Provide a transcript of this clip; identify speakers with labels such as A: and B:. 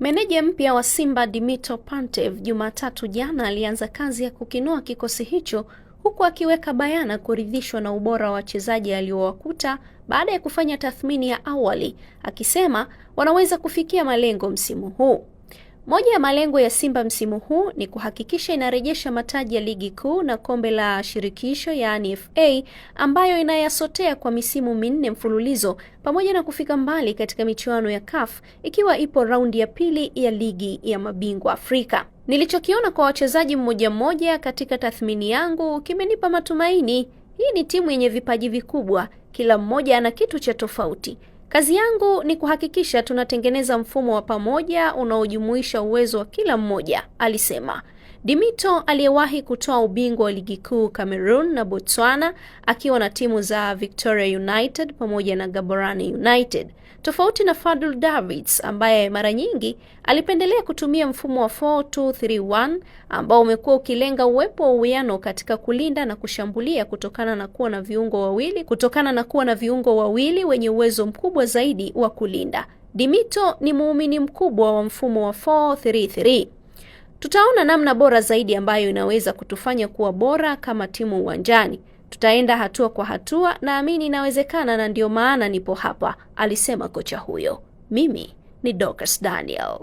A: Meneja mpya wa Simba Dimitar Pantev Jumatatu jana alianza kazi ya kukinoa kikosi hicho huku akiweka bayana kuridhishwa na ubora wa wachezaji aliowakuta baada ya kufanya tathmini ya awali, akisema wanaweza kufikia malengo msimu huu. Moja ya malengo ya Simba msimu huu ni kuhakikisha inarejesha mataji ya ligi kuu na kombe la shirikisho yaani FA ambayo inayasotea kwa misimu minne mfululizo pamoja na kufika mbali katika michuano ya CAF ikiwa ipo raundi ya pili ya ligi ya mabingwa Afrika. Nilichokiona kwa wachezaji mmoja mmoja katika tathmini yangu kimenipa matumaini. Hii ni timu yenye vipaji vikubwa, kila mmoja ana kitu cha tofauti. Kazi yangu ni kuhakikisha tunatengeneza mfumo wa pamoja unaojumuisha uwezo wa kila mmoja, alisema. Dimito aliyewahi kutoa ubingwa wa ligi kuu Cameroon na Botswana akiwa na timu za Victoria United pamoja na Gaborone United, tofauti na Fadul Davids ambaye mara nyingi alipendelea kutumia mfumo wa 4-2-3-1 ambao umekuwa ukilenga uwepo wa uwiano katika kulinda na kushambulia kutokana na kuwa na viungo wawili kutokana na kuwa na viungo wawili wenye uwezo mkubwa zaidi wa kulinda. Dimito ni muumini mkubwa wa mfumo wa 4-3-3. Tutaona namna bora zaidi ambayo inaweza kutufanya kuwa bora kama timu uwanjani. Tutaenda hatua kwa hatua, naamini inawezekana na ndio maana nipo hapa, alisema kocha huyo. Mimi ni Dorcas Daniel.